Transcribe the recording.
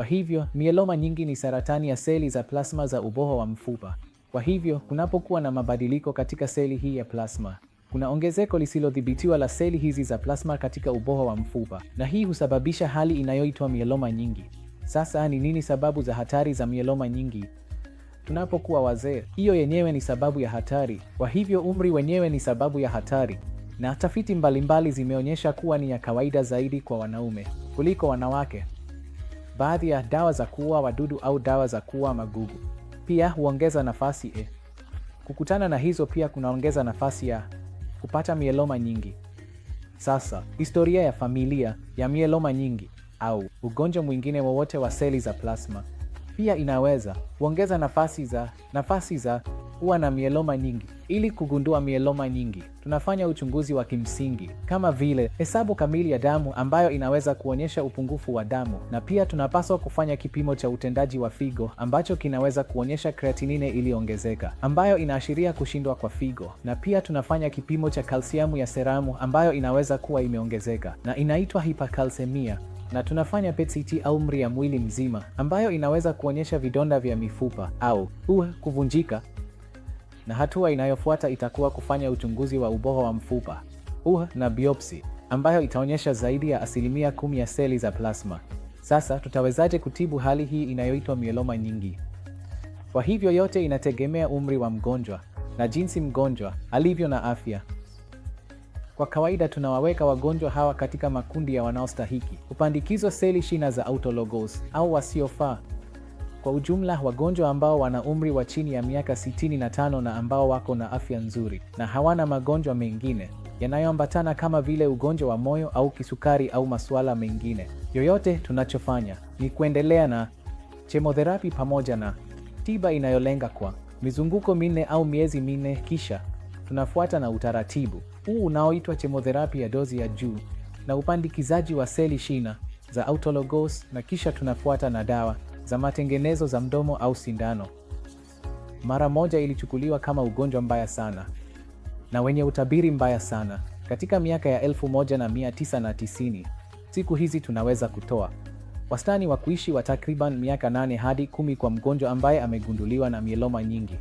Kwa hivyo mieloma nyingi ni saratani ya seli za plasma za uboho wa mfupa. Kwa hivyo kunapokuwa na mabadiliko katika seli hii ya plasma, kuna ongezeko lisilodhibitiwa la seli hizi za plasma katika uboho wa mfupa, na hii husababisha hali inayoitwa mieloma nyingi. Sasa ni nini sababu za hatari za mieloma nyingi? Tunapokuwa wazee, hiyo yenyewe ni sababu ya hatari. Kwa hivyo umri wenyewe ni sababu ya hatari, na tafiti mbalimbali zimeonyesha kuwa ni ya kawaida zaidi kwa wanaume kuliko wanawake baadhi ya dawa za kuua wadudu au dawa za kuua magugu. Pia huongeza nafasi e. Kukutana na hizo pia kunaongeza nafasi ya kupata mieloma nyingi. Sasa, historia ya familia ya mieloma nyingi au ugonjwa mwingine wowote wa seli za plasma pia inaweza huongeza nafasi za nafasi za huwa na mieloma nyingi. Ili kugundua mieloma nyingi, tunafanya uchunguzi wa kimsingi kama vile hesabu kamili ya damu ambayo inaweza kuonyesha upungufu wa damu, na pia tunapaswa kufanya kipimo cha utendaji wa figo ambacho kinaweza kuonyesha kreatinine iliyoongezeka ambayo inaashiria kushindwa kwa figo, na pia tunafanya kipimo cha kalsiamu ya seramu ambayo inaweza kuwa imeongezeka na inaitwa hipakalsemia na tunafanya PET-CT au MRI ya mwili mzima ambayo inaweza kuonyesha vidonda vya mifupa au uh, kuvunjika na hatua inayofuata itakuwa kufanya uchunguzi wa ubora wa mfupa uh, na biopsi ambayo itaonyesha zaidi ya asilimia kumi ya seli za plasma. Sasa tutawezaje kutibu hali hii inayoitwa myeloma nyingi? Kwa hivyo yote inategemea umri wa mgonjwa na jinsi mgonjwa alivyo na afya. Kwa kawaida tunawaweka wagonjwa hawa katika makundi ya wanaostahiki kupandikizwa seli shina za autologous au wasiofaa. Kwa ujumla, wagonjwa ambao wana umri wa chini ya miaka 65 na ambao wako na afya nzuri na hawana magonjwa mengine yanayoambatana kama vile ugonjwa wa moyo au kisukari au masuala mengine yoyote, tunachofanya ni kuendelea na chemotherapy pamoja na tiba inayolenga kwa mizunguko minne au miezi minne, kisha tunafuata na utaratibu huu unaoitwa chemotherapy ya dozi ya juu na upandikizaji wa seli shina za autologous na kisha tunafuata na dawa za matengenezo za mdomo au sindano. Mara moja ilichukuliwa kama ugonjwa mbaya sana na wenye utabiri mbaya sana katika miaka ya 1990. Siku hizi tunaweza kutoa wastani wa kuishi wa takriban miaka nane hadi kumi kwa mgonjwa ambaye amegunduliwa na mieloma nyingi.